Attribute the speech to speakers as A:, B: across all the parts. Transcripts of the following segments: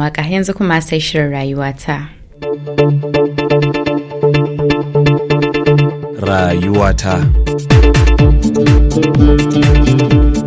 A: waka yanzu kuma sai shirin rayuwata.
B: Rayuwata.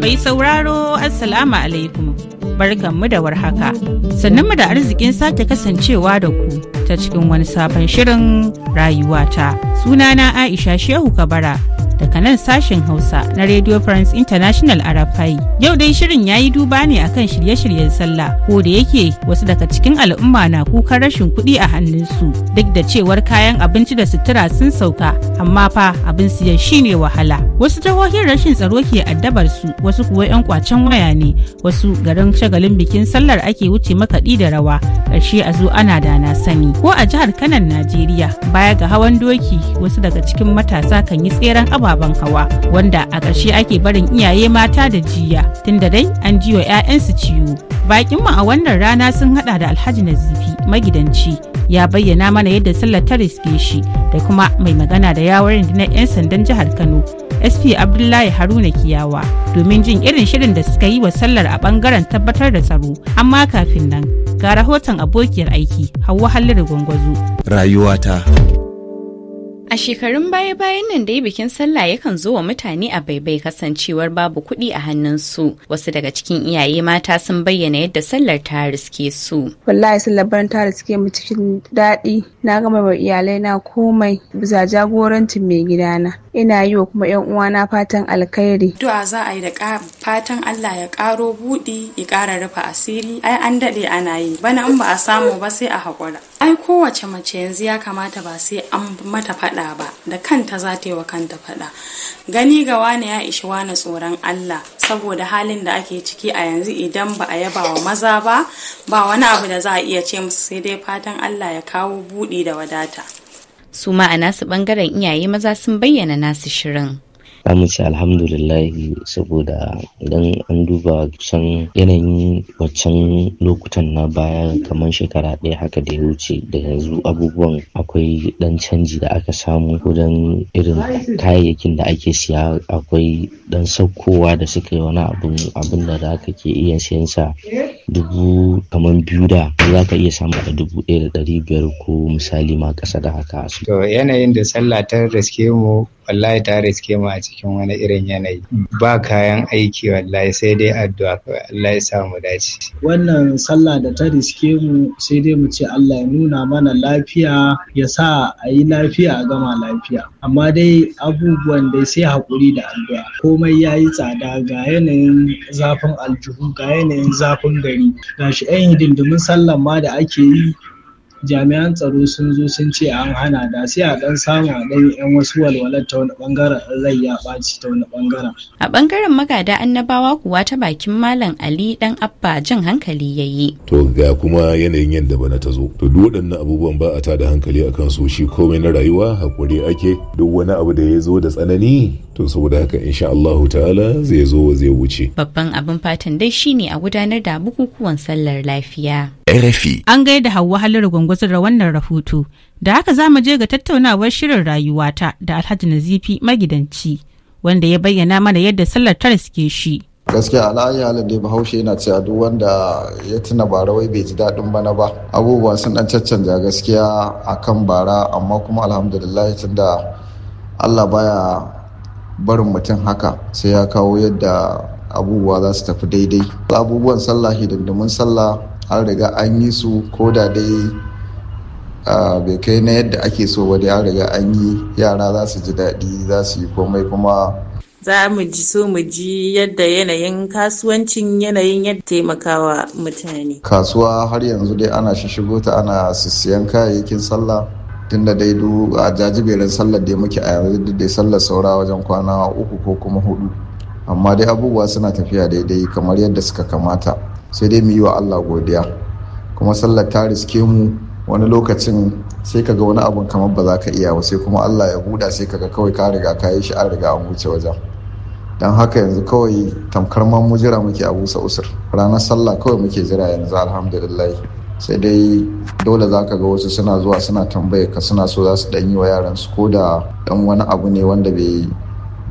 A: Mai sauraro Assalamu alaikum. Barkanmu da warhaka. mu da arzikin sake kasancewa da ku ta cikin wani sabon shirin rayuwata. Sunana Aisha Shehu Kabara. daga nan sashen Hausa na Radio France International Arafai. Yau dai shirin ya yi duba ne a kan shirye-shiryen sallah ko da yake wasu daga cikin al'umma na kukan rashin kuɗi a hannunsu duk da cewar kayan abinci da sutura sun sauka amma fa abin siyan shine wahala. Wasu jihohin rashin tsaro ke addabar su wasu kuwa 'yan kwacen waya ne wasu garin shagalin bikin sallar ake wuce makaɗi da rawa ƙarshe a zo ana da na sani ko a jihar kanan Najeriya baya ga hawan doki wasu daga cikin matasa kan yi tseren abu ababen hawa wanda a ƙarshe ake barin iyaye mata da jiya tunda dai an jiwa 'ya'yansu ciwo bakin mu a wannan rana sun haɗa da alhaji nazifi magidanci ya bayyana mana yadda sallar ta riske shi da kuma mai magana da yawon na 'yan sandan jihar kano sp abdullahi haruna kiyawa domin jin irin shirin da suka yi wa sallar a bangaren tabbatar da tsaro amma kafin nan ga rahoton abokiyar aiki hawa halliru gwangwazo
B: rayuwata
A: A shekarun baya-bayan nan dai bikin sallah yakan zo wa mutane a baibai kasancewar babu kuɗi a hannunsu. Wasu daga cikin iyaye mata sun bayyana yadda sallar ta riske su. Wallahi sallar barin ta riske mu cikin daɗi. Na gama wa iyalai na komai bisa jagorancin mai gidana. ina yi wa kuma yan uwana fatan alkhairi du'a za a yi da fatan Allah ya karo buɗi, ya kara rufe asiri ai an daɗe ana yi bana in ba a samu ba sai a haƙura. ai kowace mace yanzu ya kamata ba sai an mata faɗa ba da kanta za ta yi wa kanta faɗa. gani ga wani ya ishi wani tsoron Allah saboda halin da ake ciki a yanzu idan ba a yaba wa maza ba ba wani abu da za a iya ce musu sai dai fatan Allah ya kawo buɗi da wadata su ma a nasu bangaren iyaye maza sun bayyana nasu shirin
C: za ce alhamdulillahi
A: saboda idan an duba kusan yanayin waccan lokutan na baya kamar shekara ɗaya haka da ya wuce da yanzu abubuwan akwai dan canji da aka samu wajen irin kayayyakin da ake siya akwai dan saukowa da suka yi wani abun abin da za ka ke iya siyan sa dubu kamar biyu da za ka iya samu a dubu ɗaya da ɗari biyar ko misali ma ƙasa da haka. To yanayin
B: da sallah ta riske mu wallahi ta riske mu a ciki. cikin wani irin yanayi ba kayan aiki wallahi sai dai addu'a kawai Allah ya sa mu dace wannan sallah da ta riske mu sai dai mu ce Allah ya nuna mana lafiya ya sa a yi lafiya a gama lafiya amma dai abubuwan dai sai hakuri da addu'a komai ya yi tsada ga yanayin zafin aljihu ga yanayin zafin gari gashi 'yan hidindimin sallan ma da ake yi jami'an tsaro sun zo sun ce an hana da sai a dan samu a dan yan wasu walwalar ta wani bangaren rai ya ɓaci ta wani bangaren.
A: A bangaren magada annabawa kuwa ta bakin malam Ali dan Abba jin hankali ya yi.
B: To ga kuma yanayin yadda bana ta zo. To duk waɗannan abubuwan ba a ta da hankali akan su shi komai na rayuwa hakuri ake duk wani abu da ya zo da tsanani to saboda haka insha Allah ta'ala zai
A: zo zai wuce. Babban abin fatan dai shine a gudanar da bukukuwan sallar lafiya. RFI. An gaida Hauwa Halliru gwangwazo da wannan rahoto. Da haka za mu je ga tattaunawar shirin rayuwata da Alhaji Nazifi magidanci wanda ya bayyana mana yadda sallar ta suke
C: shi. gaskiya alayi halin da bahaushe yana cewa duk wanda ya tuna bara wai bai ji daɗin bana ba abubuwa sun ɗan caccanja gaskiya akan bara amma kuma alhamdulillah tunda allah baya barin mutum haka sai ya kawo yadda abubuwa za su tafi daidai abubuwan sallah hidindimin sallah an riga an yi su ko da dai bai kai na yadda ake so ba dai an riga an yi yara za su ji daɗi za su yi komai kuma
A: za mu ji so mu ji yadda yanayin kasuwancin yanayin yadda taimakawa mutane
C: kasuwa har yanzu dai ana shishigo ta ana sissiyan kayayyakin sallah tunda dai du a jajiberin sallar da muke a yanzu duk dai sallar saura wajen kwana uku ko kuma hudu amma dai abubuwa suna tafiya daidai kamar yadda suka kamata sai dai mu yi wa Allah godiya kuma sallar ta riske mu wani lokacin sai ka ga wani abun kamar ba za ka iya ba sai kuma Allah ya buɗa sai ka ga kawai ka riga ka yi shi an riga an wuce wajen don haka yanzu kawai tamkar man mu jira muke a busa usur ranar sallah kawai muke jira yanzu alhamdulillah sai dai dole za ka ga wasu suna zuwa suna tambaye ka suna so za su ɗan yi wa yaran su ko da ɗan wani abu ne wanda bai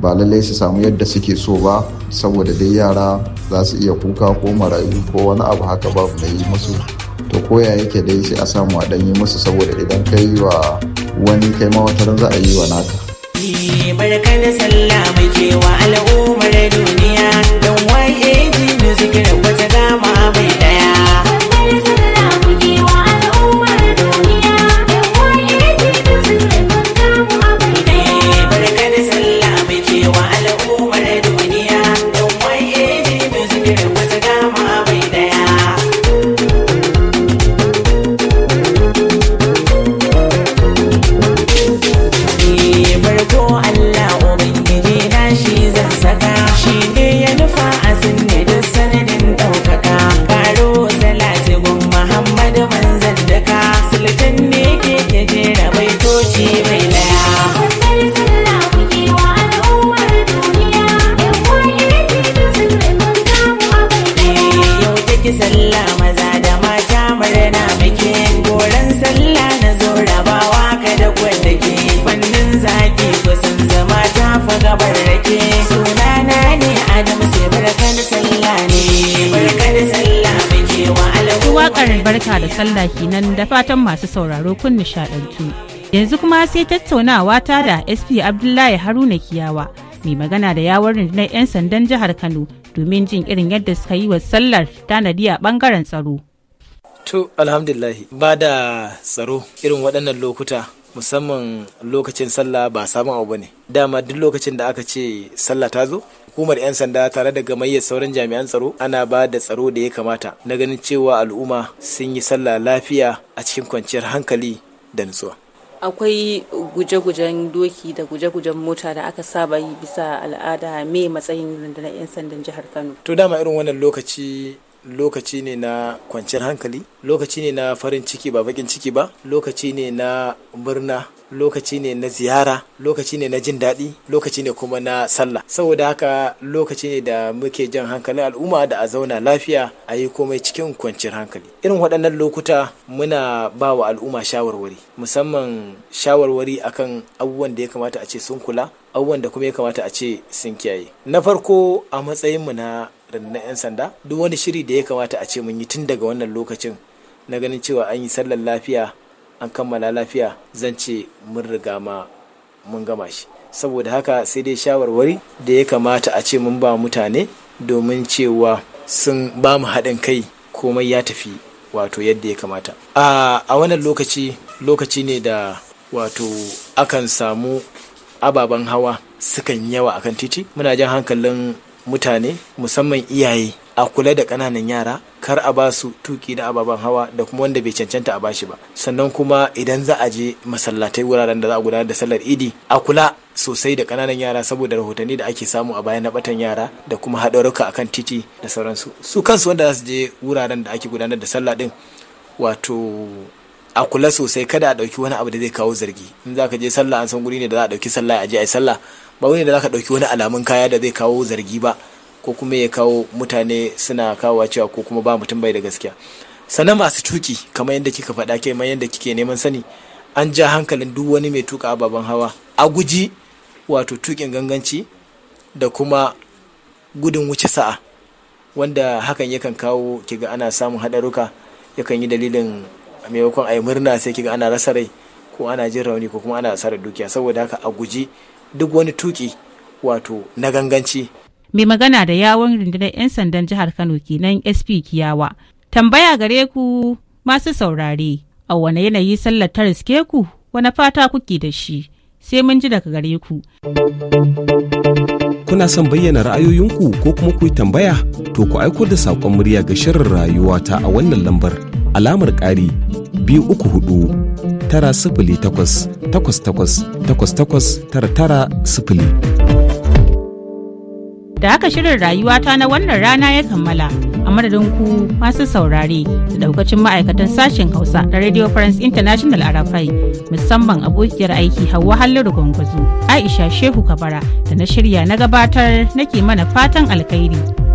C: ba lallai su samu yadda suke so ba saboda dai yara za su iya kuka ko marayu ko wani abu haka babu mai yi musu to koya yake dai sai a samu a yi musu saboda idan ka yi wa wani kai ma za a yi wa naka.
A: wata salla sallah maza da mata murna miki goran sallah na zo rabawa ka da kwanda ke fannin zaki kusan zama ta fi gabar rake sunana ne adam sai barkan sallah ne barkan sallah miki wa alhu wakar barka da sallah kenan da fatan masu sauraro kun nishadantu yanzu kuma sai tattaunawa ta da sp abdullahi haruna kiyawa mai magana da yawon rundunar 'yan sandan jihar kano domin jin irin yadda suka yi wa sallar tanadi a bangaren tsaro.
B: To alhamdulillahi ba da tsaro irin waɗannan lokuta musamman lokacin sallah ba sabon abu ne dama duk lokacin da aka ce sallah ta zo hukumar 'yan sanda tare da gamayyar sauran jami'an tsaro ana ba da tsaro da ya kamata na ganin cewa al'umma sun yi sallah lafiya a cikin kwanciyar hankali da nutsuwa
A: akwai guje-gujen doki da guje-gujen mota da aka saba yi bisa al'ada mai matsayin rundunar 'yan sandan jihar kano
B: to dama irin wannan lokaci lokaci ne na kwanciyar hankali lokaci ne na farin ciki ba bakin ciki ba lokaci ne na murna lokaci ne na ziyara lokaci ne na jin daɗi lokaci ne kuma na sallah saboda haka lokaci ne da muke jan hankalin al'umma da a zauna lafiya a yi komai cikin kwanciyar hankali irin waɗannan lokuta muna ba wa al'umma shawarwari musamman shawarwari akan abubuwan da ya kamata a ce sun kula abubuwan da kuma ya kamata a ce sun kiyaye na farko a matsayinmu na rannan 'yan sanda duk wani shiri da ya kamata a ce mun yi tun daga wannan lokacin na ganin cewa an yi sallar lafiya an kammala lafiya zan ce mun riga ma mun gama shi saboda haka sai dai shawarwari da ya kamata a ce mun ba mutane domin cewa sun ba mu haɗin kai komai ya tafi wato yadda ya kamata a wannan lokaci lokaci ne da wato akan samu ababen hawa sukan yawa akan titi muna jan hankalin mutane musamman iyaye a kula da ƙananan yara kar a ba su tuki na ababen hawa da kuma wanda bai cancanta a bashi ba sannan kuma idan za a je masallatai wuraren da za a gudanar da sallar idi a kula sosai da kananan yara saboda rahotanni da ake samu a bayan na batan yara da kuma haɗarurruka akan titi da sauransu su kansu wanda za su je wuraren da ake gudanar da sallah din wato a kula sosai kada a ɗauki wani abu da zai kawo zargi in za ka je sallah an san guri ne da za a ɗauki sallah a je a yi sallah ba wani da za ka ɗauki wani alamun kaya da zai kawo zargi ba ko kuma ya kawo mutane suna kawo cewa ko kuma ba mutum bai da gaskiya sannan masu tuki kamar yadda kika faɗa kai yadda kike neman sani an ja hankalin duk wani mai tuka ababen hawa a guji wato tukin ganganci da kuma gudun wuce sa'a wanda hakan yakan kawo kiga ana samun haɗaruka yakan yi dalilin maimakon a yi murna sai kiga ana rasa rai ko ana jin rauni ko kuma ana asarar dukiya saboda haka a guji duk wani tuki wato na ganganci
A: mai magana da yawon rundunar 'yan sandan jihar kano kenan sp kiyawa tambaya gare ku masu saurare a wane yanayi sallar ta riske ku wane fata kuke da shi sai mun ji daga gare ku
B: kuna son bayyana ra'ayoyinku ko kuma ku tambaya to ku aiko da saƙon murya ga shirin rayuwa ta a wannan lambar alamar ƙari biyu uku hudu tara sifili takwas takwas takwas takwas takwas tara tara sifili
A: Da haka shirin rayuwata na wannan rana ya kammala a madadin ku masu saurare da daukacin ma'aikatan sashen Hausa na Radio France International Arafai musamman abokiyar aiki Hauwa Halliru Gwangwazo, Aisha Shehu Kabara da na shirya na gabatar nake mana fatan alkhairi.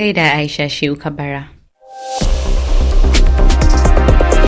A: gaida Aisha Shehu Kabara.